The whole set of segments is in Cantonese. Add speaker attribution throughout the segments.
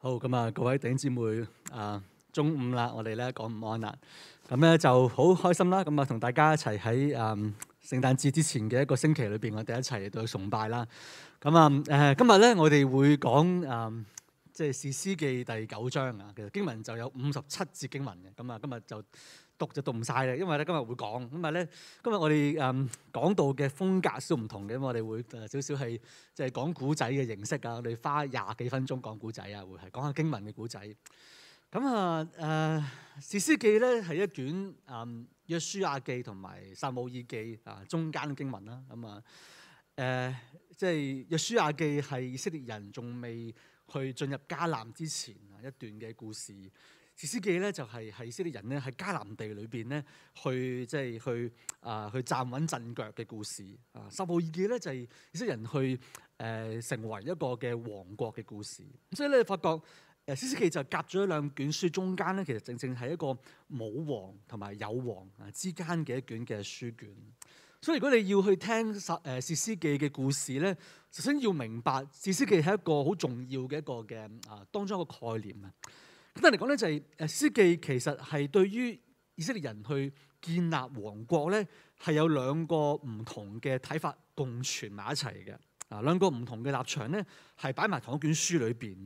Speaker 1: 好，咁啊，各位弟兄姊妹，啊中午啦，我哋咧講午安啦，咁、嗯、咧就好開心啦，咁啊同大家一齊喺啊聖誕節之前嘅一個星期裏邊，我哋一齊到崇拜啦。咁啊誒，今日咧我哋會講啊、嗯，即係《士師記》第九章啊，其實經文就有五十七節經文嘅，咁、嗯、啊今日就，讀就讀唔晒啦，因為咧今日會講，咁啊咧今日我哋誒講道嘅風格少唔同嘅，咁我哋會誒、呃、少少係就係講古仔嘅形式啊，我哋花廿幾分鐘講古仔啊，會係講下經文嘅古仔。咁啊誒《士師記》咧係一卷誒《約書亞記》同埋《撒母耳記》啊中間嘅經文啦。咁、嗯、啊誒即係《約書亞記》係以色列人仲未去進入迦南之前啊一段嘅故事。.《士師記》咧就係以色列人咧喺迦南地裏邊咧去即係、就是、去啊、呃、去站穩陣腳嘅故事啊。撒母耳記咧就係以色列人去誒、呃、成為一個嘅王國嘅故事，所以咧發覺誒《士師記》就夾咗兩卷書中間咧，其實正正係一個冇王同埋有王啊之間嘅一卷嘅書卷。所以如果你要去聽《十誒士師記》嘅故事咧，首先要明白《士師記》係一個好重要嘅一個嘅啊當中一個概念啊。簡單嚟講咧，就係誒，士師記其實係對於以色列人去建立王國咧，係有兩個唔同嘅睇法共存埋一齊嘅啊。兩個唔同嘅立場咧，係擺埋同一卷書裏邊，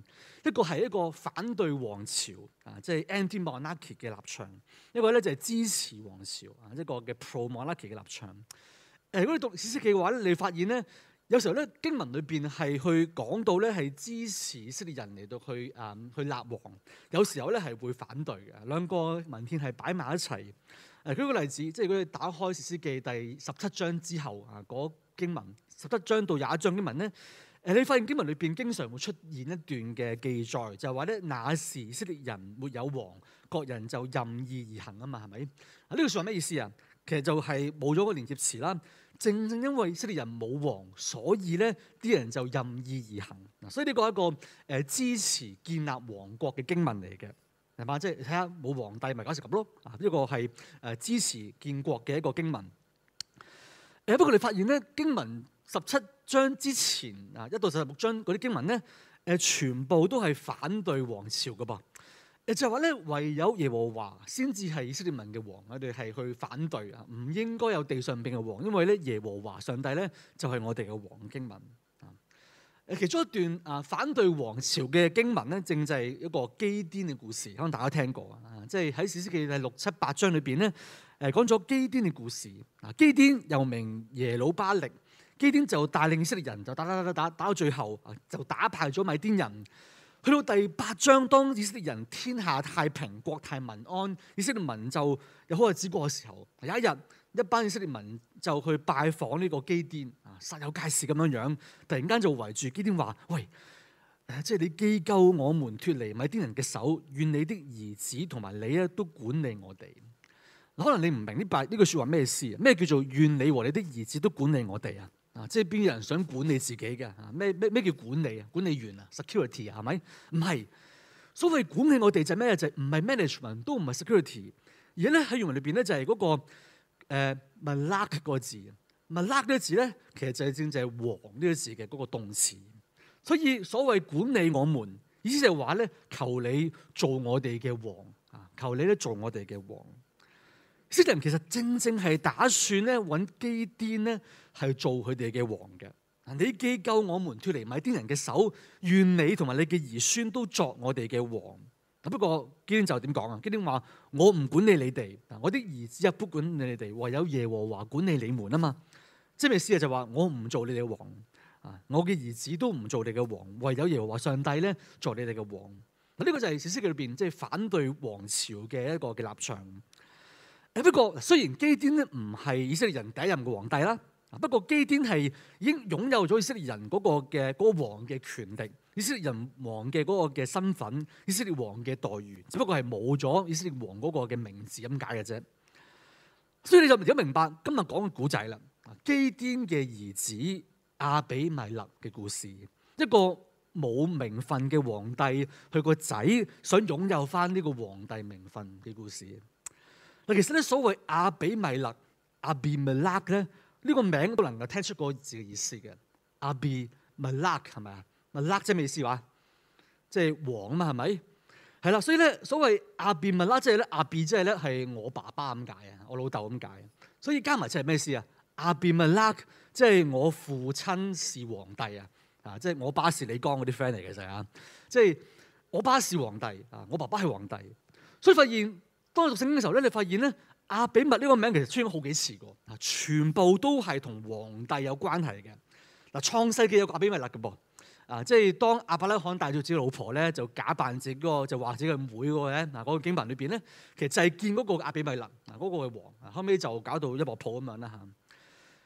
Speaker 1: 一個係一個反對王朝啊，即係 anti monarchy 嘅立場，一個咧就係支持王朝啊，一個嘅 pro monarchy 嘅立場。誒，如果你讀士師記嘅話咧，你發現咧。有時候咧，經文裏邊係去講到咧，係支持以色列人嚟到去誒、嗯、去立王。有時候咧係會反對嘅。兩個文獻係擺埋一齊。誒、啊、舉個例子，即係如果你打開《士師記》第十七章之後啊，嗰經文十七章到廿一章經文咧，誒、啊、你發現經文裏邊經常會出現一段嘅記載，就係話咧，那時以色列人沒有王，各人就任意而行啊嘛，係咪？啊呢、這個算係咩意思啊？其實就係冇咗個連結詞啦。正正因為以色列人冇王，所以咧啲人就任意而行。所以呢個係一個誒支持建立王國嘅經文嚟嘅，係嘛？即係睇下冇皇帝咪搞成咁咯。啊，呢個係誒支持建國嘅一個經文。誒不過你發現咧，經文十七章之前啊，一到十六章嗰啲經文咧，誒全部都係反對王朝㗎噃。誒，就係話咧，唯有耶和華先至係以色列人嘅王，我哋係去反對啊，唔應該有地上邊嘅王，因為咧耶和華上帝咧就係我哋嘅王。經文啊，誒，其中一段啊，反對王朝嘅經文咧，正就係一個基甸嘅故事，可能大家聽過啊，即係喺士師記第六七八章裏邊咧，誒，講咗基甸嘅故事啊，基甸又名耶路巴力，基甸就帶領以色列人就打打打打打，打到最後啊，就打敗咗米甸人。去到第八章，當以色列人天下太平、國泰民安、以色列民就有好日子過嘅時候，有一日，一班以色列民就去拜訪呢個基甸，啊，煞有介事咁樣樣，突然間就圍住基甸話：喂，啊、即係你既救我們脱離米甸人嘅手，願你的兒子同埋你咧都管理我哋。可能你唔明呢八呢句説話咩意思？咩叫做願你和你的兒子都管理我哋啊？啊！即係邊有人想管理自己嘅？咩咩咩叫管理啊？管理員啊？security 啊？係咪？唔係。所謂管理我哋就係咩？就係、是、唔係 management 都唔係 security。而家咧喺原文裏邊咧就係嗰、那個誒、呃、Malak 個字。Malak 呢個字咧其實就係正正係王呢個字嘅嗰個動詞。所以所謂管理我們意思就係話咧求你做我哋嘅王啊！求你咧做我哋嘅王。希林其實真正係打算咧揾基甸咧係做佢哋嘅王嘅。你既救我們脫離米甸人嘅手，願你同埋你嘅兒孫都作我哋嘅王。不過基甸就點講啊？基甸話我唔管理你哋，我啲兒子也不管你哋，唯有耶和華管理你們啊嘛。即係意思啊就話我唔做你哋嘅王啊，我嘅兒子都唔做你哋嘅王，唯有耶和華上帝咧做你哋嘅王。呢、這個就係士師記裏邊即係反對王朝嘅一個嘅立場。誒，不過雖然基甸咧唔係以色列人第一任嘅皇帝啦，不過基甸係已經擁有咗以色列人嗰個嘅嗰個王嘅權力，以色列人王嘅嗰個嘅身份，以色列王嘅待遇，只不過係冇咗以色列王嗰個嘅名字咁解嘅啫。所以你就自己明白今日講嘅古仔啦。基甸嘅兒子亞比米勒嘅故事，一個冇名分嘅皇帝，佢個仔想擁有返呢個皇帝名分嘅故事。嗱，其實咧所謂阿比米勒阿比米勒咧呢個名，都能夠聽出個字嘅意思嘅。阿比米勒係咪啊？米勒即係咩意思話？即係王啊嘛，係咪？係啦，所以咧所謂阿比米勒即係咧阿比即係咧係我爸爸咁解啊，我老豆咁解。所以加埋即係咩事啊？阿比米勒即係我父親是皇帝啊！啊，即係我爸是李剛嗰啲 friend 嚟嘅啫啊！即係我爸是皇帝啊，我爸爸係皇帝，所以發現。當讀聖經嘅時候咧，你發現咧，亞比米呢個名其實出咗好幾次過，啊，全部都係同皇帝有關係嘅。嗱，創世記有個亞比米勒嘅噃，啊，即係當亞伯拉罕帶住自己老婆咧，就假扮自己個就話自己個妹嗰個咧，嗱、那、嗰個經文裏邊咧，其實就係見嗰個亞比米勒，嗱、那、嗰個係王，後尾就搞到一鑊泡咁樣啦嚇。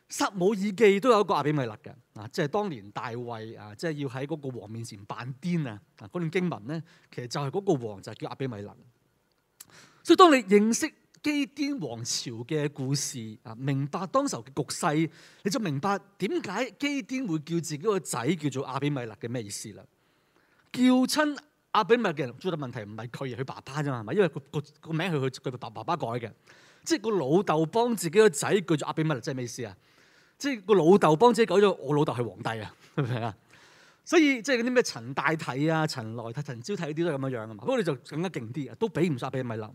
Speaker 1: 撒母耳記都有一個亞比米勒嘅，啊，即係當年大衛啊，即係要喺嗰個王面前扮癲啊，嗰段經文咧，其實就係嗰個王就係、是、叫亞比米勒。所以當你認識基甸王朝嘅故事啊，明白當時候嘅局勢，你就明白點解基甸會叫自己個仔叫做亞比米勒嘅咩意思啦？叫親亞比米勒嘅人，最大問題唔係佢而係佢爸爸啫嘛，係咪？因為個個名係佢佢爸爸改嘅，即係個老豆幫自己個仔叫做亞比米勒即係咩意思啊？即係個老豆幫自己改咗我老豆係皇帝啊，係咪啊？所以即係嗰啲咩陳大替啊、陳來替、陳昭替啲都係咁樣樣啊嘛，不過你就更加勁啲啊，都比唔曬亞比米勒。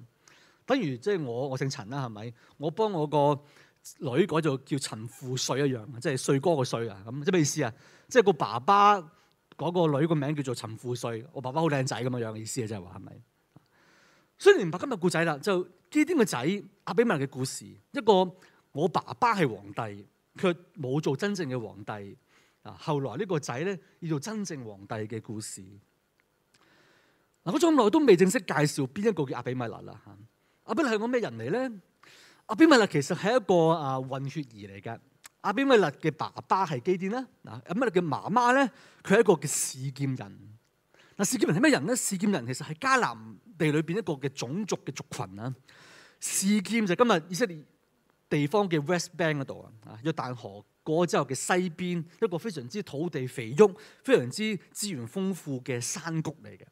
Speaker 1: 不如即係我我姓陳啦，係咪？我幫我個女改做叫陳富帥一樣，即係帥哥個帥啊，咁即係咩意思啊？即係個爸爸嗰個女個名叫做陳富帥，我爸爸好靚仔咁樣樣嘅意思啊，即係話，係咪？雖然唔怕今日故仔啦，就呢啲個仔阿比米勒嘅故事，一個我爸爸係皇帝，佢冇做真正嘅皇帝啊。後來個呢個仔咧要做真正皇帝嘅故事。嗱，我咁耐都未正式介紹邊一個叫阿比米勒啦吓。阿比米勒係個咩人嚟咧？阿比米勒其實係一個啊混血兒嚟嘅。阿比米勒嘅爸爸係基甸啦，嗱阿比米勒嘅媽媽咧，佢係一個嘅示劍人。嗱示劍人係咩人咧？示劍人其實係迦南地裏邊一個嘅種族嘅族群啊。示劍就今日以色列地方嘅 West Bank 嗰度啊，啊約旦河過咗之後嘅西邊一個非常之土地肥沃，非常之資源豐富嘅山谷嚟嘅。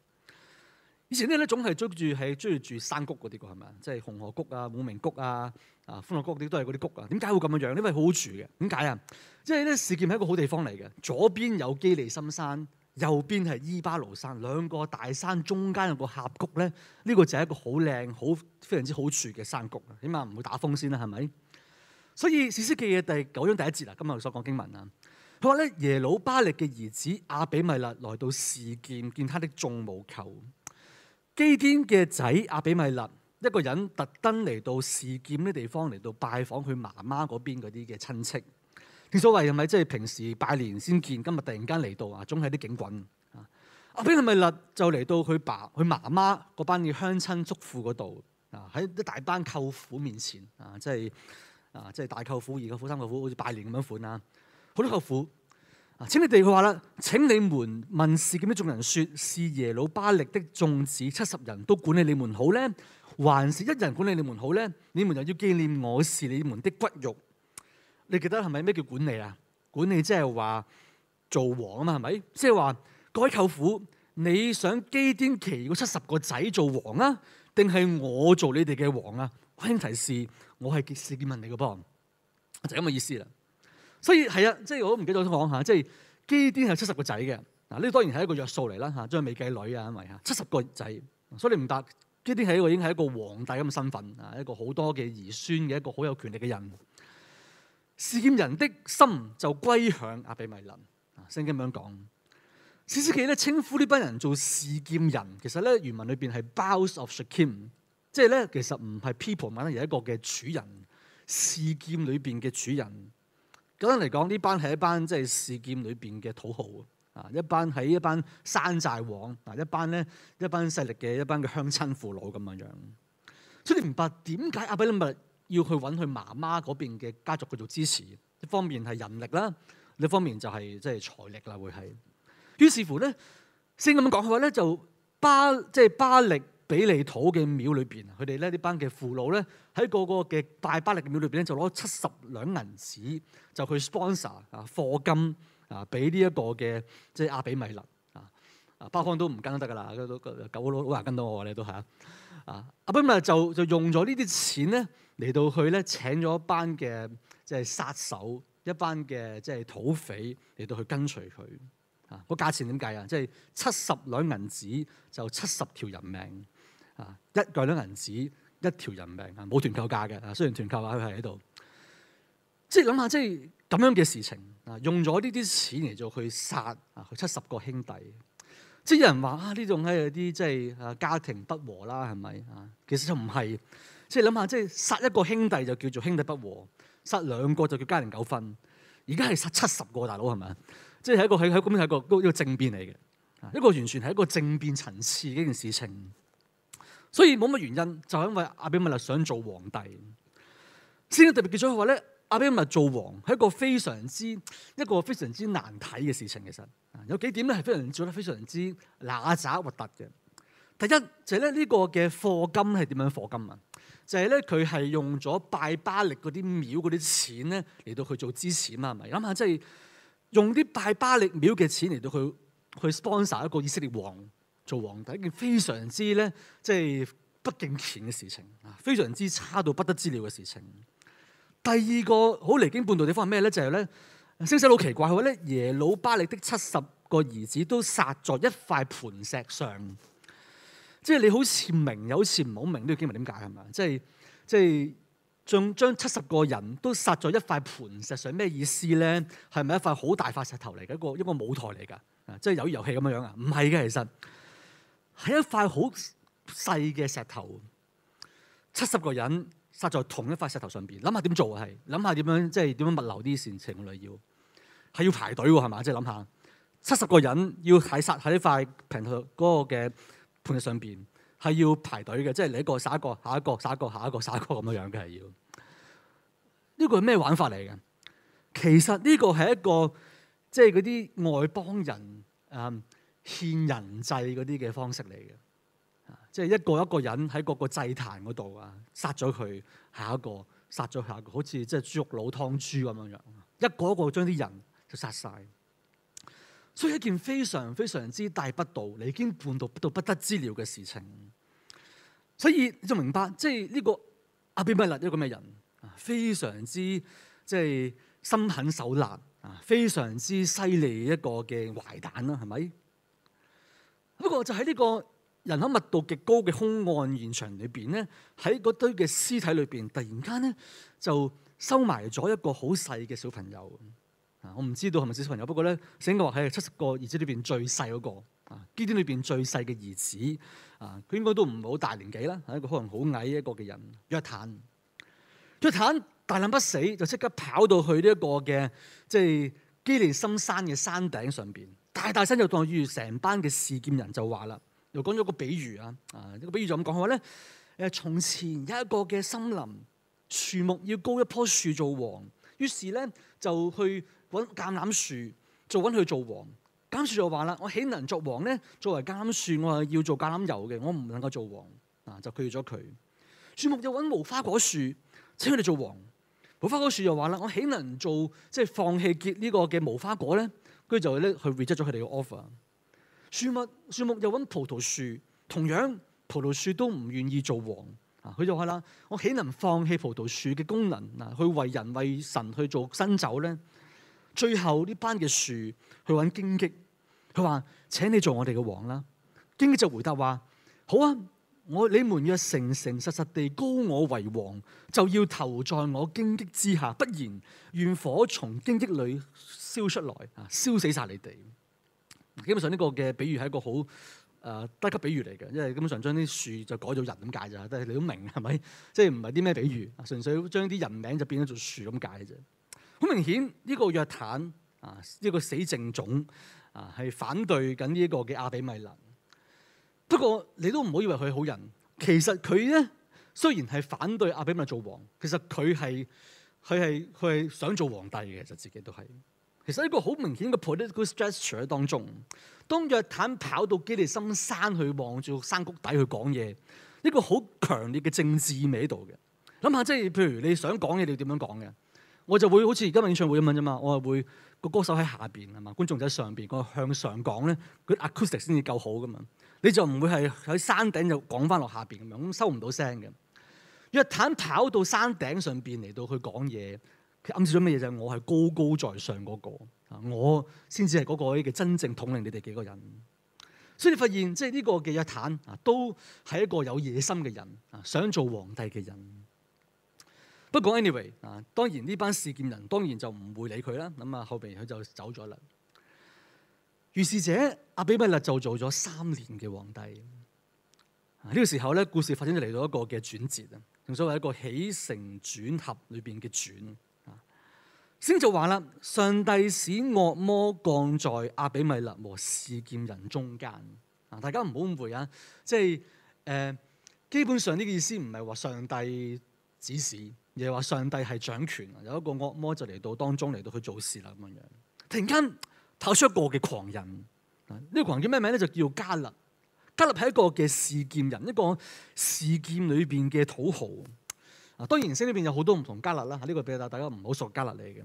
Speaker 1: 以前咧咧總係追住係追住住山谷嗰啲噶係咪啊？即係紅河谷啊、武鳴谷啊、啊歡樂谷嗰啲都係嗰啲谷啊。點解會咁樣樣？因為好好住嘅。點解啊？即係咧示劍係一個好地方嚟嘅。左邊有基利心山，右邊係伊巴盧山，兩個大山中間有個峽谷咧。呢、這個就係一個好靚、好非常之好住嘅山谷。起碼唔會打風先啦，係咪？所以士師記嘅第九章第一節啊，今日所講經文啊，佢話咧耶路巴力嘅兒子亞比米勒來到示劍，見他的眾母舅。基甸嘅仔阿比米勒一個人特登嚟到示劍啲地方，嚟到拜訪佢媽媽嗰邊嗰啲嘅親戚，正所謂係咪即係平時拜年先見，今日突然間嚟到啊，總係啲景轟。啊！阿比米勒就嚟到佢爸、佢媽媽嗰班嘅鄉親族父嗰度啊，喺一大班舅父面前啊，即係啊，即係大舅父、二舅父、三舅父，好似拜年咁樣款啊。好多舅父。請你哋，佢話啦，請你們問示劍啲眾人說，是耶路巴力的眾子七十人都管理你們好咧，還是一人管理你們好咧？你們又要紀念我是你們的骨肉。你記得係咪咩叫管理啊？管理即係話做王啊嘛，係咪？即係話，各位舅父，你想基甸期嗰七十個仔做王啊？定係我做你哋嘅王啊？溫馨提示，我係基士，示劍人嚟嘅噃，就咁嘅意思啦。所以係啊，即係我都唔記得我講下，即係基甸係七十個仔嘅。嗱，呢當然係一個約數嚟啦嚇，仲未計女啊，因為嚇七十個仔，所以你唔答基甸係一個已經係一個皇帝咁嘅身份啊，一個好多嘅兒孫嘅一個好有權力嘅人。示劍人的心就歸向亞比米勒，聖經咁樣講。士師記咧稱呼呢班人做示劍人，其實咧原文裏邊係 bouse of Shechem，即係咧其實唔係 people，而係一個嘅主人，示劍裏邊嘅主人。簡單嚟講，呢班係一班即係示劍裏邊嘅土豪啊！一班喺一班山寨王嗱，一班咧一班勢力嘅一班嘅鄉親父老咁樣樣，所以你明白點解亞比米勒要去揾佢媽媽嗰邊嘅家族去做支持？一方面係人力啦，另一方面就係即係財力啦，會係。於是乎咧，先咁講嘅話咧，就巴即係、就是、巴力。比利土嘅廟裏邊，佢哋咧呢班嘅父老咧，喺個個嘅大巴力嘅廟裏邊咧，就攞七十兩銀子就去 sponsor 啊，課金啊，俾呢一個嘅即係阿比米勒啊，包方都唔跟得噶啦，個個九個老老跟到我你都係 啊阿比米就就用咗呢啲錢咧嚟到去咧請咗一班嘅即係殺手，一班嘅即係土匪嚟到去跟隨佢啊，個價錢點計啊？即係七十兩銀子就七十條人命。一嚿兩銀紙一條人命啊，冇團購價嘅啊，雖然團購價啊佢係喺度，即係諗下，即係咁樣嘅事情啊，用咗呢啲錢嚟做去殺啊，佢七十個兄弟，即係有人話啊，呢種係有啲即係啊家庭不和啦，係咪啊？其實就唔係，即係諗下，即係殺一個兄弟就叫做兄弟不和，殺兩個就叫家庭糾紛，而家係殺七十個大佬係咪啊？即係、就是、一個喺喺咁樣一個,一個,一,個,一,個一個政變嚟嘅，一個完全係一個政變層次嘅呢件事情。所以冇乜原因，就係因為阿比米勒想做皇帝，先特別記咗佢話咧，阿比米勒做王係一個非常之一個非常之難睇嘅事情。其實有幾點咧係非常做得非常之揦喳核突嘅。第一就係咧呢個嘅課金係點樣課金啊？就係咧佢係用咗拜巴力嗰啲廟嗰啲錢咧嚟到去做支持嘛？係咪？諗下即係用啲拜巴力廟嘅錢嚟到去去 sponsor 一個以色列王。做皇帝一件非常之咧，即係不敬虔嘅事情，非常之差到不得之了嘅事情。第二個好離經叛道地方係咩咧？就係、是、咧，聖經好奇怪，佢話咧，耶路巴力的七十個兒子都殺在一塊磐石上。即係你好似明又好似唔好明呢個經文點解係咪？即係即係將將七十個人都殺在一塊磐石上咩意思咧？係咪一塊好大塊石頭嚟嘅一個一個舞台嚟㗎？啊，即係有如遊戲咁樣樣啊？唔係嘅，其實。喺一塊好細嘅石頭，七十個人殺在同一塊石頭上邊，諗下點做啊？係諗下點樣，即係點樣物流啲事情來要，係要排隊㗎？係嘛？即係諗下，七十個人要喺殺喺塊平台嗰個嘅盤上邊，係要排隊嘅。即係你一個殺一個，下一個殺一個，下一個殺一個咁樣樣嘅係要。呢個係咩玩法嚟嘅？其實呢個係一個即係嗰啲外邦人啊。嗯獻人祭嗰啲嘅方式嚟嘅，即係一個一個人喺各個祭壇嗰度啊，殺咗佢，下一個殺咗下一個，好似即係豬肉佬湯豬咁樣樣，一個一個將啲人就殺晒。所以一件非常非常之大不道、你已經叛道到不得之了嘅事情。所以你就明白，即係呢個阿比米勒一個咩人啊？非常之即係、就是、心狠手辣啊，非常之犀利一個嘅壞蛋啦，係咪？不過就喺呢個人口密度極高嘅凶案現場裏邊咧，喺嗰堆嘅屍體裏邊，突然間咧就收埋咗一個好細嘅小朋友。啊，我唔知道係咪小朋友，不過咧，應該話係七十個兒子裏邊最細嗰個。啊，基甸裏邊最細嘅兒子。啊，佢應該都唔係好大年紀啦。係一個可能好矮一個嘅人。約坦，約坦大難不死，就即刻跑到去呢一個嘅即係基利心山嘅山頂上邊。大大聲就當住成班嘅示劍人就話啦，又講咗個比喻啊，啊個比喻就咁講，佢話咧誒，從前有一個嘅森林樹木要高一棵樹做王，於是咧就去揾橄欖樹，就揾佢做王。橄欖樹就話啦，我豈能作王咧？作為橄欖樹，我係要做橄欖油嘅，我唔能夠做王啊！就拒絕咗佢。樹木就揾無花果樹，請佢哋做王。無花果樹就話啦，我豈能做即係、就是、放棄結呢個嘅無花果咧？跟住就咧去 reject 咗佢哋嘅 offer。樹木，樹木又揾葡萄樹，同樣葡萄樹都唔願意做王。佢就話啦：我豈能放棄葡萄樹嘅功能啊？去為人為神去做新酒咧？最後呢班嘅樹去揾荊棘，佢話：請你做我哋嘅王啦！荊棘就回答話：好啊。我你們若誠誠實實地膏我為王，就要投在我荊棘之下，不然願火從荊棘裏燒出來啊，燒死晒你哋！基本上呢個嘅比喻係一個好誒低級比喻嚟嘅，因為基本上將啲樹就改做人咁解咋，但係你都明係咪？即係唔係啲咩比喻？純粹將啲人名就變咗做樹咁解嘅啫。好明顯呢個約坦啊，呢個死剩種啊，係反對緊呢一個嘅亞比米勒。不過你都唔好以為佢係好人，其實佢咧雖然係反對阿比米勒做王，其實佢係佢係佢係想做皇帝嘅，其實自己都係。其實一個好明顯嘅 political structure 喺當中。當約坦跑到基利心山去望住山谷底去講嘢，一個好強烈嘅政治味喺度嘅。諗下即係譬如你想講嘢，你要點樣講嘅？我就會好似而家嘅演唱會咁樣啫嘛。我係會個歌手喺下邊係嘛，觀眾就喺上邊，我向上講咧，嗰啲 acoustic 先至夠好噶嘛。你就唔會係喺山頂就講翻落下邊咁樣，咁收唔到聲嘅。約坦跑到山頂上邊嚟到去講嘢，佢暗示咗乜嘢就係、是、我係高高在上嗰、那個，我先至係嗰個嘅真正統領你哋幾個人。所以你發現即係呢個嘅約坦啊，都係一個有野心嘅人啊，想做皇帝嘅人。不過 anyway 啊，當然呢班示劍人當然就唔會理佢啦。咁啊，後邊佢就走咗啦。於是者阿比米勒就做咗三年嘅皇帝。呢、這個時候咧，故事發展就嚟到一個嘅轉折啊，正所謂一個起承轉合裏邊嘅轉啊。先就話啦，上帝使惡魔降在阿比米勒和示劍人中間。啊，大家唔好誤會啊，即係誒、呃，基本上呢個意思唔係話上帝指使，而係話上帝係掌權啊，有一個惡魔就嚟到當中嚟到去做事啦咁樣。停緊。跑出一個嘅狂人，啊！呢個狂人叫咩名咧？就叫加勒。加勒係一個嘅示劍人，一個示劍裏邊嘅土豪。啊，當然聖經呢邊有好多唔同加勒啦。呢、這個俾大家唔好索加勒嚟嘅。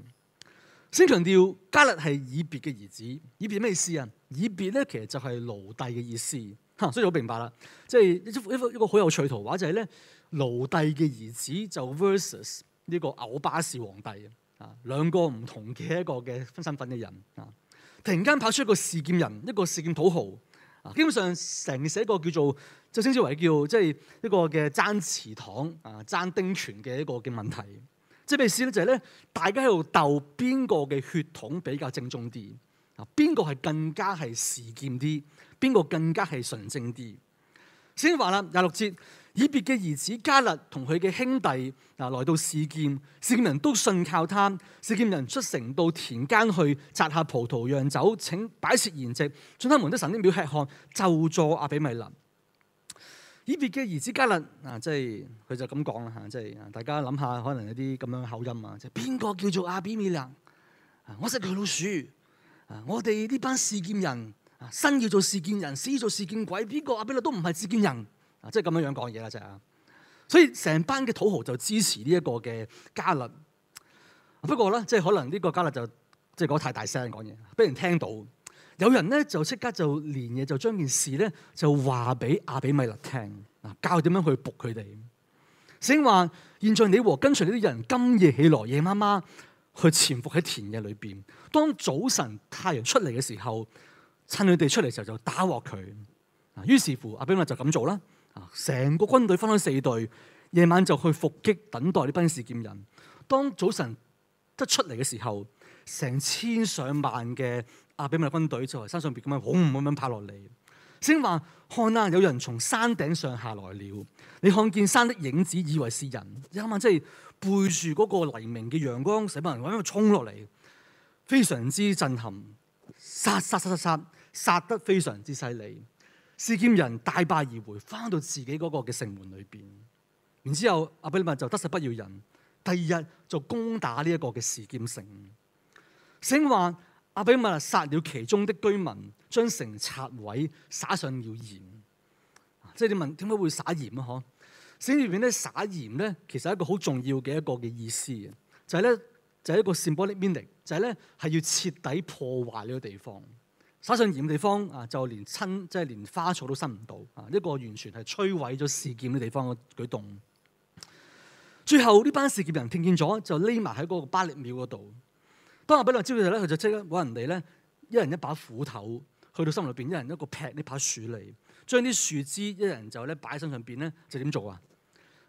Speaker 1: 先強調，加勒係以別嘅兒子，以別咩意思啊？以別咧，其實就係奴隸嘅意思。嚇，所以好明白啦。即係一一幅一個好有趣圖畫，就是，就係咧奴隸嘅兒子就 versus 呢個歐巴士皇帝。啊，兩個唔同嘅一個嘅分身份嘅人。啊。突然間跑出一個示劍人，一個示劍土豪啊！基本上成寫一個叫做，即係稱之為叫，即係一個嘅爭祠堂啊、爭丁權嘅一個嘅問題。即係咩意思咧？就係咧，大家喺度鬥邊個嘅血統比較正宗啲啊？邊個係更加係示劍啲？邊個更加係純正啲？先話啦，廿六節。以別嘅兒子迦勒同佢嘅兄弟嗱來到示劍，示劍人都信靠他。示劍人出城到田間去摘下葡萄釀酒，請擺設筵席，進他們的神的廟吃喝，咒詛亞比米勒。以別嘅兒子迦勒嗱，即係佢就咁講啦嚇，即係大家諗下，可能有啲咁樣口音啊，即係邊個叫做亞比米勒？我識佢老鼠啊！我哋呢班示劍人，生要做示劍人，死做示劍鬼。邊個亞比勒都唔係示劍人。即係咁樣樣講嘢啦，就係、是、啊！所以成班嘅土豪就支持呢一個嘅加勒。不過咧，即、就、係、是、可能呢個加勒就即係講太大聲講嘢，俾人聽到。有人咧就即刻就連夜就將件事咧就話俾阿比米勒聽，啊，教點樣去捕佢哋。先話，現在你和跟隨呢啲人，今夜起來，夜媽媽去潛伏喺田野裏邊。當早晨太陽出嚟嘅時候，趁佢哋出嚟嘅時候就打鑊佢。啊，於是乎阿比米勒就咁做啦。成個軍隊分開四隊，夜晚就去伏擊，等待啲兵士劍人。當早晨一出嚟嘅時候，成千上萬嘅亞、啊、比米勒軍隊就喺山上邊咁樣好唔好咁樣拍落嚟。先話看啊，有人從山頂上下來了。你看見山的影子，以為是人。啱晚即係背住嗰個黎明嘅陽光，成班人鬼喺度衝落嚟，非常之震撼，殺殺殺殺殺，殺得非常之犀利。示劍人大敗而回，翻到自己嗰個嘅城門裏邊。然之後，阿比米勒就得勢不饒人，第二日就攻打呢一個嘅示劍城。先話阿比米勒殺了其中的居民，將城拆毀，撒上了鹽。即係你問點解會撒鹽啊？嗬？先入邊咧撒鹽咧，其實係一個好重要嘅一個嘅意思嘅，就係咧就係一個 symbolic meaning，就係咧係要徹底破壞呢個地方。灑上鹽嘅地方啊，就連伸即係連花草都生唔到啊！一個完全係摧毀咗示劍嘅地方嘅舉動。最後呢班示劍人聽見咗，就匿埋喺嗰個巴力廟嗰度。當我比落招嘅時候，咧，佢就即刻揾人哋咧，一人一把斧頭，去到森林入邊，一人一個劈呢把樹嚟，將啲樹枝，一人就咧擺喺身上邊咧，就點做啊？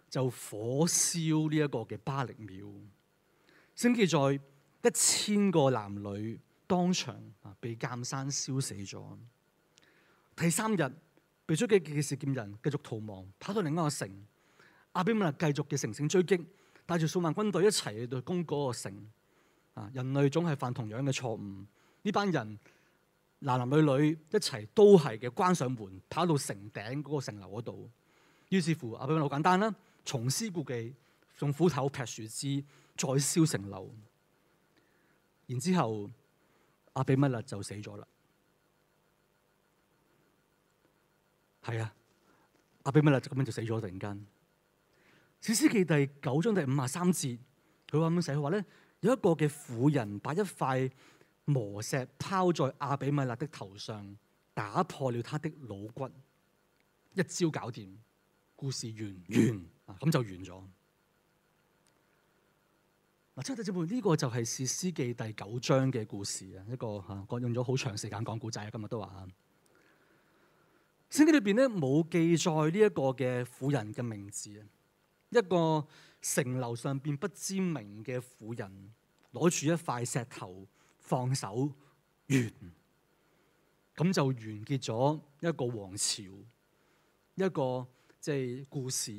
Speaker 1: 就火燒呢一個嘅巴力廟。先記在一千個男女。當場啊，被監山燒死咗。第三日被捉嘅示劍人繼續逃亡，跑到另一個城。阿比米勒繼續嘅乘勝追擊，帶住數萬軍隊一齊嚟，攻嗰個城。啊，人類總係犯同樣嘅錯誤。呢班人男男女女一齊都係嘅關上門，跑到城頂嗰個城樓嗰度。於是乎，阿比米勒好簡單啦，重施故技，用斧頭劈樹枝，再燒城樓。然之後。阿比米勒就死咗啦，係啊，阿比米勒就咁樣就死咗，突然間。士師記第九章第五十三節，佢話咁樣寫？佢話咧有一個嘅婦人，把一塊磨石拋在阿比米勒的頭上，打破了他的腦骨，一招搞掂。故事完完，咁、嗯、就完咗。嗱，弟兄姊妹呢個就係、是《士師記》第九章嘅故事啊！一個嚇，講、啊、用咗好長時間講古仔啊！今日都話啊，聖經裏邊咧冇記載呢一個嘅婦人嘅名字，一個城樓上邊不知名嘅婦人攞住一塊石頭放手完，咁就完結咗一個王朝，一個即係、就是、故事。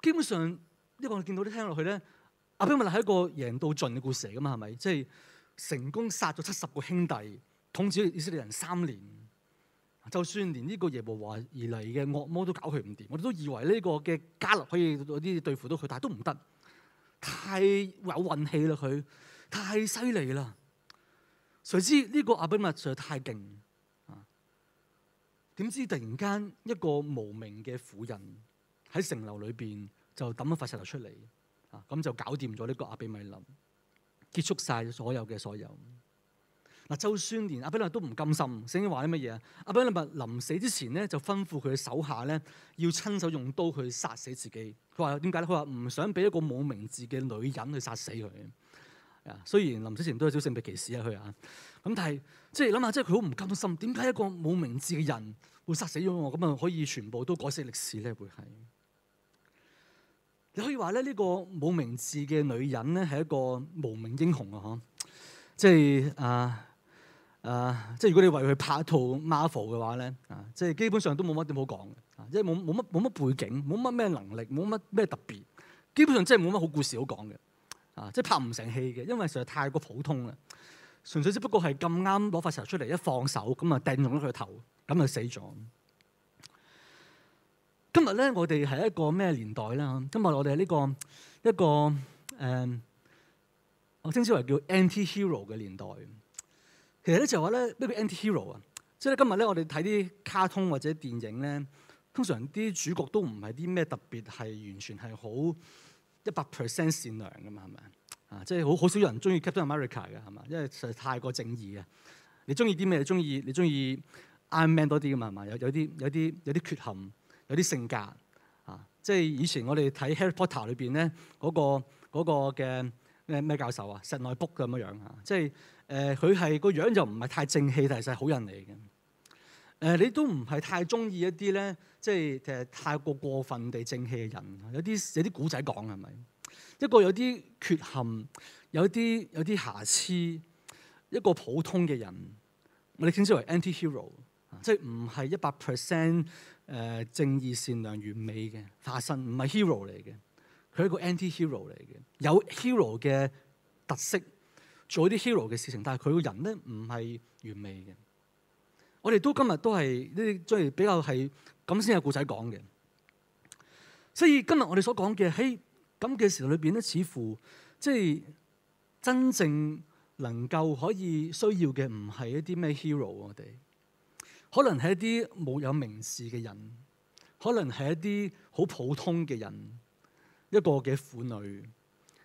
Speaker 1: 基本上、這個、我呢個見到啲聽落去咧。阿卑瑪係一個贏到盡嘅故事嚟噶嘛？係咪？即係成功殺咗七十個兄弟，統治以色列人三年。就算連呢個耶和華而嚟嘅惡魔都搞佢唔掂，我哋都以為呢個嘅迦勒可以有啲對付到佢，但係都唔得。太有運氣啦佢，太犀利啦。誰知呢個亞比米勒實在太勁啊？點知突然間一個無名嘅婦人喺城樓裏邊就抌一塊石頭出嚟。咁就搞掂咗呢個阿比米林，結束晒所有嘅所有。嗱，就算連阿比米林都唔甘心，曾經話啲乜嘢啊？阿比米林臨死之前咧，就吩咐佢嘅手下咧，要親手用刀去殺死自己。佢話點解咧？佢話唔想俾一個冇名字嘅女人去殺死佢。啊，雖然臨死之前都有少少性別歧視啊，佢啊，咁但係即係諗下，即係佢好唔甘心。點解一個冇名字嘅人會殺死咗我？咁啊可以全部都改寫歷史咧？會係。你可以話咧，呢個冇名字嘅女人咧，係一個無名英雄啊！嗬，即係啊啊，即係如果你為佢拍一套 Marvel 嘅話咧啊，即係基本上都冇乜點好講嘅，即係冇冇乜冇乜背景，冇乜咩能力，冇乜咩特別，基本上即係冇乜好故事好講嘅啊，即係拍唔成戲嘅，因為實在太過普通啦，純粹只不過係咁啱攞塊石出嚟一放手咁啊掟中咗佢個頭，咁就死咗。今日咧，我哋係一個咩年代咧？今日我哋係呢個一個誒、嗯，我稱之為叫 Anti-hero 嘅年代。其實咧就話咧，未必 Anti-hero 啊。即係咧，今日咧我哋睇啲卡通或者電影咧，通常啲主角都唔係啲咩特別係完全係好一百 percent 善良㗎嘛，係咪？啊、就是，即係好好少人鍾意 Captain America 嘅係嘛，因為實在太過正義啊。你鍾意啲咩？你鍾意你鍾意 Iron Man 多啲㗎嘛？係咪？有有啲有啲有啲缺陷。有啲性格啊，即係以前我哋睇《Harry Potter》裏邊咧，嗰個嗰個嘅咩咩教授啊，石內卜咁樣樣啊，即係誒佢係個樣就唔係太正氣，但係實係好人嚟嘅。誒、呃，你都唔係太中意一啲咧，即係誒太過過分地正氣嘅人。啊、有啲有啲古仔講係咪一個有啲缺陷、有啲有啲瑕疵，一個普通嘅人，我哋稱之為 anti-hero，即係唔係一百 percent。Hero，啊啊誒、呃、正義善良完美嘅化身，唔係 hero 嚟嘅，佢係一個 anti hero 嚟嘅，有 hero 嘅特色，做啲 hero 嘅事情，但係佢個人咧唔係完美嘅。我哋都今日都係呢，即係比較係咁先有故仔講嘅。所以今日我哋所講嘅喺咁嘅時候裏邊咧，似乎即係真正能夠可以需要嘅唔係一啲咩 hero，我哋。可能係一啲冇有名字嘅人，可能係一啲好普通嘅人，一個嘅婦女，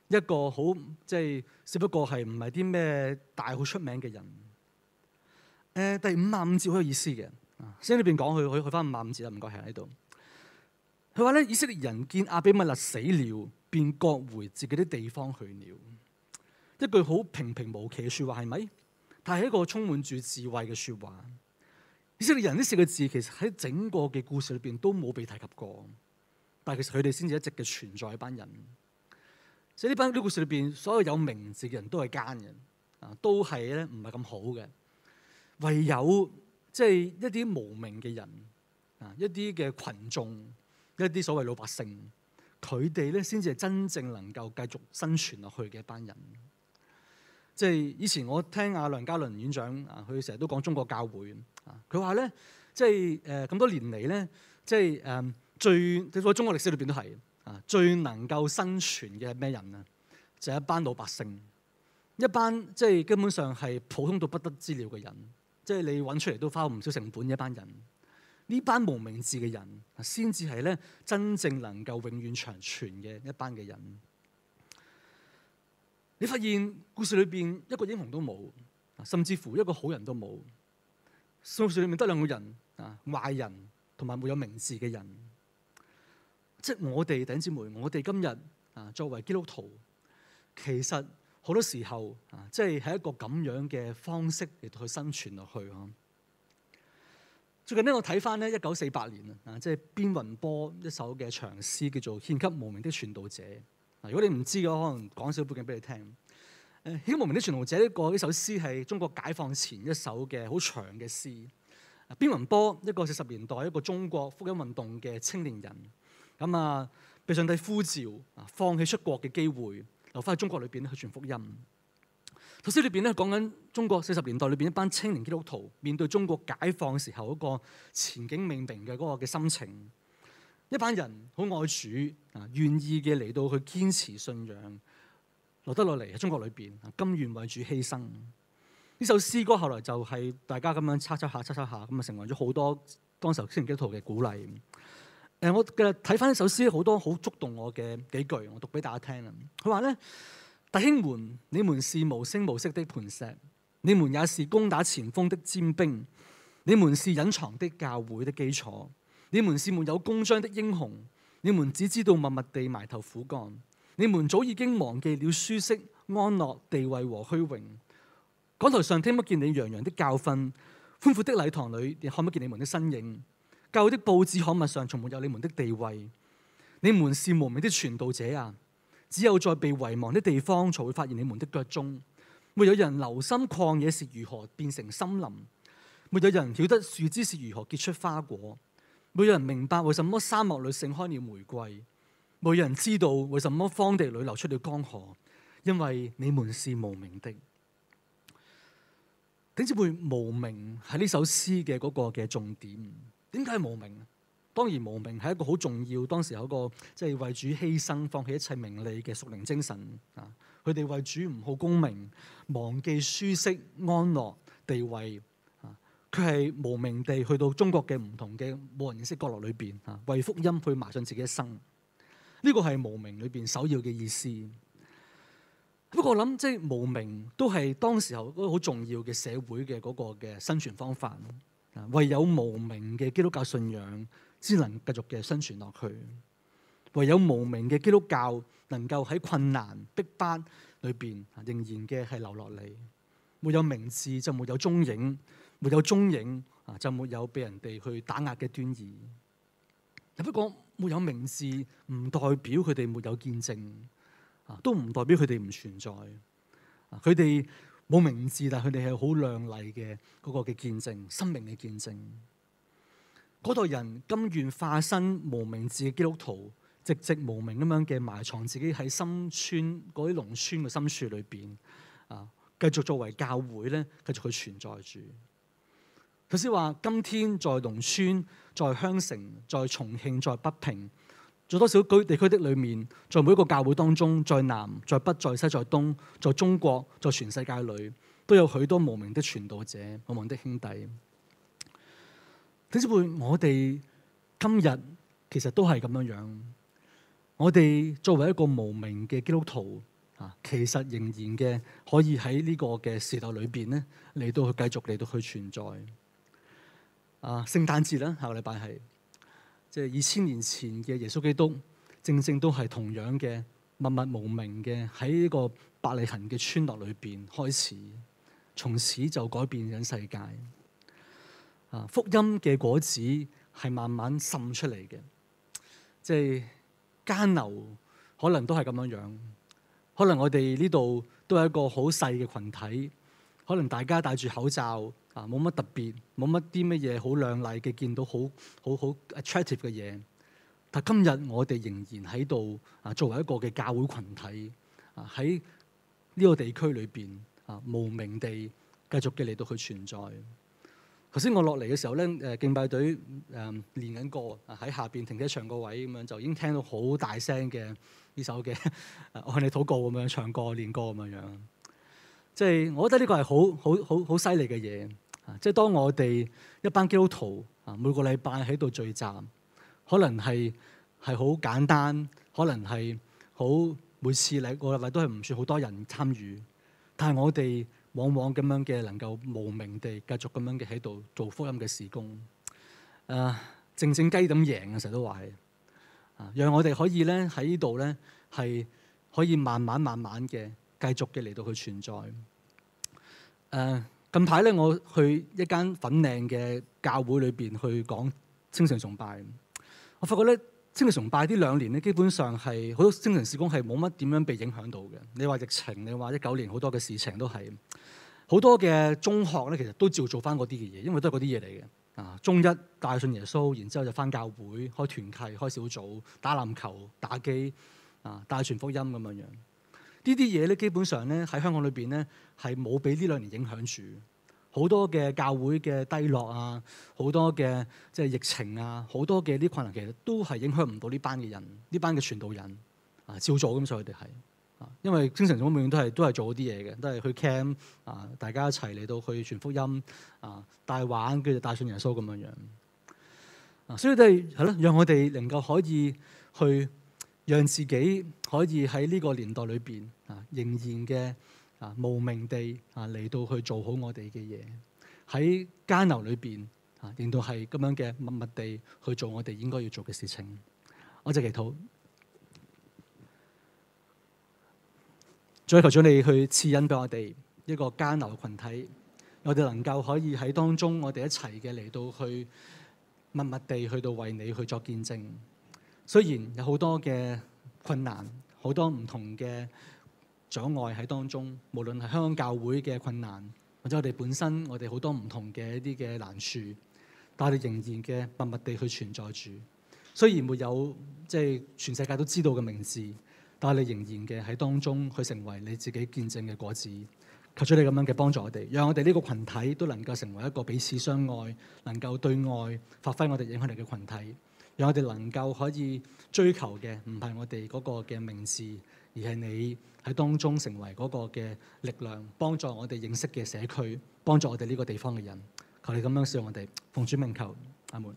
Speaker 1: 一個好即係只不過係唔係啲咩大好出名嘅人。誒、呃、第五十五節好有意思嘅，所以呢邊講佢去去翻五十五節啦，唔該係喺度。佢話咧，以色列人見亞比米勒死了，便各回自己啲地方去了。一句好平平無奇嘅説話係咪？但係一個充滿住智慧嘅説話。以色列人呢四個字，其實喺整個嘅故事裏邊都冇被提及過，但係其實佢哋先至一直嘅存在一班人。即係呢班呢故事裏邊，所有有名字嘅人都係奸人啊，都係咧唔係咁好嘅。唯有即係、就是、一啲無名嘅人啊，一啲嘅群眾，一啲所謂老百姓，佢哋咧先至係真正能夠繼續生存落去嘅一班人。即、就、係、是、以前我聽阿梁家倫院長啊，佢成日都講中國教會。佢話咧，即係誒咁多年嚟咧，即係誒、呃、最喺中國歷史裏邊都係啊，最能夠生存嘅係咩人啊？就係、是、一班老百姓，一班即係根本上係普通到不得之了嘅人，即係你揾出嚟都花唔少成本一班人，呢班無名字嘅人先至係咧真正能夠永遠長存嘅一班嘅人。你發現故事裏邊一個英雄都冇，甚至乎一個好人都冇。數字裏面得兩個人啊，壞人同埋沒有名字嘅人，即係我哋弟兄姊妹，我哋今日啊，作為基督徒，其實好多時候啊，即係喺一個咁樣嘅方式嚟去生存落去啊。最近呢，我睇翻咧一九四八年啊，即係邊雲波一首嘅長詩叫做《獻給無名的傳道者》啊。如果你唔知嘅，可能講少背景俾你聽。《起無名的傳道者》呢個呢首詩係中國解放前一首嘅好長嘅詩。邊雲波，一個四十年代一個中國福音運動嘅青年人，咁啊被上帝呼召啊，放棄出國嘅機會，留翻喺中國裏邊去傳福音。頭先裏邊咧講緊中國四十年代裏邊一班青年基督徒面對中國解放時候嗰個前景未明嘅嗰個嘅心情，一班人好愛主啊，願意嘅嚟到去堅持信仰。留得落嚟喺中國裡邊，甘願為主犧牲。呢首詩歌後來就係大家咁樣抄抄下、抄抄下，咁啊成為咗好多當時候基督徒嘅鼓勵。誒，我嘅睇翻呢首詩，好多好觸動我嘅幾句，我讀俾大家聽啦。佢話咧：弟兄們，你們是無聲無息的磐石，你們也是攻打前鋒的尖兵，你們是隱藏的教會的基礎，你們是沒有功章的英雄，你們只知道默默地埋頭苦幹。你們早已經忘記了舒適、安樂、地位和虛榮。講台上聽不見你洋洋的教訓，寬闊的禮堂裏也看不見你們的身影。舊的報紙刊物上從沒有你們的地位。你們是無名的傳道者啊！只有在被遺忘的地方，才會發現你們的腳蹤。沒有人留心曠野是如何變成森林，沒有人曉得樹枝是如何結出花果，沒有人明白為什麼沙漠裏盛開了玫瑰。冇人知道為什麼荒地裏流出了江河，因為你們是無名的。點知會無名？喺呢首詩嘅嗰個嘅重點，點解無名？當然無名係一個好重要。當時有一個即係為主犧牲、放棄一切名利嘅屬靈精神啊！佢哋為主唔好功名，忘記舒適安樂地位啊！佢係無名地去到中國嘅唔同嘅冇人認識角落裏邊啊，為福音去埋信自己一生。呢個係無名裏邊首要嘅意思。不過我諗，即係無名都係當時候嗰個好重要嘅社會嘅嗰個嘅生存方法。啊，唯有無名嘅基督教信仰，先能繼續嘅生存落去。唯有無名嘅基督教能夠喺困難逼迫裏邊，仍然嘅係留落嚟。沒有名字就沒有蹤影，沒有蹤影啊就沒有俾人哋去打壓嘅端倪。但不過，沒有名字唔代表佢哋沒有見證，啊，都唔代表佢哋唔存在。佢哋冇名字，但係佢哋係好靚麗嘅嗰個嘅見證，生命嘅見證。嗰代人甘願化身無名字嘅基督徒，寂寂無名咁樣嘅埋藏自己喺深村嗰啲農村嘅深處裏邊，啊，繼續作為教會咧，繼續去存在住。頭先話，今天在農村。在香城，在重慶，在北平，在多少區地區的裏面，在每一個教會當中，在南，在北，在西，在東，在中國，在全世界裏，都有許多無名的傳道者，無名的兄弟。點知會我哋今日其實都係咁樣樣。我哋作為一個無名嘅基督徒啊，其實仍然嘅可以喺呢個嘅時代裏邊咧，嚟到去繼續嚟到去存在。啊！聖誕節啦，下個禮拜係即係二千年前嘅耶穌基督，正正都係同樣嘅默默無名嘅喺呢個伯利恆嘅村落裏邊開始，從此就改變緊世界。啊！福音嘅果子係慢慢滲出嚟嘅，即係街頭可能都係咁樣樣，可能我哋呢度都係一個好細嘅群體，可能大家戴住口罩。啊，冇乜特別，冇乜啲乜嘢好亮麗嘅，見到好好好 attractive 嘅嘢。但今日我哋仍然喺度啊，作為一個嘅教會群體啊，喺呢個地區裏邊啊，無名地繼續嘅嚟到佢存在。頭先我落嚟嘅時候咧，誒敬拜隊誒練緊歌啊，喺下邊停車場個位咁樣就已經聽到好大聲嘅呢首嘅，我向你禱告咁樣唱歌練歌咁樣樣。即係，我覺得呢個係好好好好犀利嘅嘢啊！即係當我哋一班基督徒啊，每個禮拜喺度聚集，可能係係好簡單，可能係好每次禮個禮拜都係唔算好多人參與，但係我哋往往咁樣嘅能夠無名地繼續咁樣嘅喺度做福音嘅事工，誒靜靜雞咁贏啊！成日都話係啊，讓我哋可以咧喺呢度咧係可以慢慢慢慢嘅，繼續嘅嚟到佢存在。誒、uh，近排咧，我去一間粉嶺嘅教會裏邊去講青年崇拜。我發覺咧，青年崇拜呢兩年咧，基本上係好多青年事工係冇乜點樣被影響到嘅。你話疫情，你話一九年好多嘅事情都係好多嘅中學咧，其實都照做翻嗰啲嘅嘢，因為都係嗰啲嘢嚟嘅。啊，中一帶信耶穌，然之後就翻教會開團契、開小組、打籃球、打機啊、帶傳福音咁樣樣。呢啲嘢咧，基本上咧喺香港裏邊咧，係冇俾呢兩年影響住。好多嘅教會嘅低落啊，好多嘅即係疫情啊，好多嘅啲困難，其實都係影響唔到呢班嘅人，呢班嘅傳道人啊照做咁，所以佢哋係啊，因為精神總部都係都係做啲嘢嘅，都係去 camp 啊，大家一齊嚟到去傳福音啊，帶玩跟住帶信耶穌咁樣樣啊，所以都係係咯，讓我哋能夠可以去。讓自己可以喺呢個年代裏邊啊，仍然嘅啊無名地啊嚟到去做好我哋嘅嘢，喺監牢裏邊啊，令到係咁樣嘅默默地去做我哋應該要做嘅事情。我就祈禱，再求主你去賜恩俾我哋一個監牢群體，我哋能夠可以喺當中，我哋一齊嘅嚟到去默默地去到為你去作見證。雖然有好多嘅困難，好多唔同嘅障礙喺當中，無論係香港教會嘅困難，或者我哋本身，我哋好多唔同嘅一啲嘅難處，但係你仍然嘅默默地去存在住。雖然沒有即係、就是、全世界都知道嘅名字，但係你仍然嘅喺當中去成為你自己見證嘅果子。求主你咁樣嘅幫助我哋，讓我哋呢個群體都能夠成為一個彼此相愛、能夠對外發揮我哋影響力嘅群體。讓我哋能夠可以追求嘅，唔係我哋嗰個嘅名字，而係你喺當中成為嗰個嘅力量，幫助我哋認識嘅社區，幫助我哋呢個地方嘅人。求你咁樣使用我哋，奉主名求，阿門。